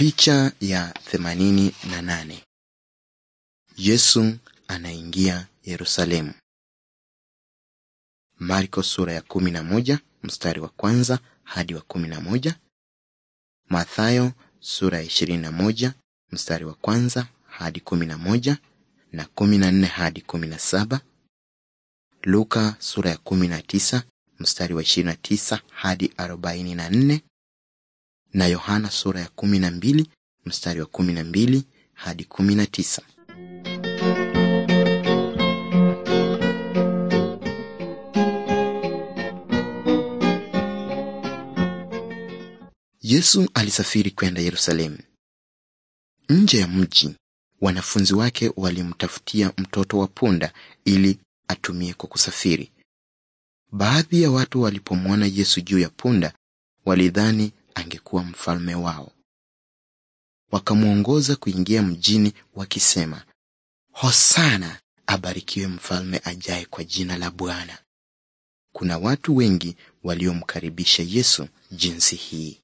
Picha ya themanini na nane. Yesu anaingia Yerusalemu. Marko sura ya kumi na moja mstari wa kwanza hadi wa kumi na moja. Mathayo sura ya ishirini na moja mstari wa kwanza hadi kumi na moja na kumi na nne hadi kumi na saba. Luka sura ya kumi na tisa mstari wa ishirini na tisa hadi arobaini na nne na Yohana sura ya 12 mstari wa 12 hadi 19. Yesu alisafiri kwenda Yerusalemu. Nje ya mji, wanafunzi wake walimtafutia mtoto wa punda ili atumie kwa kusafiri. Baadhi ya watu walipomwona Yesu juu ya punda, walidhani angekuwa mfalme wao. Wakamwongoza kuingia mjini wakisema, Hosana, abarikiwe mfalme ajaye kwa jina la Bwana. Kuna watu wengi waliomkaribisha Yesu jinsi hii.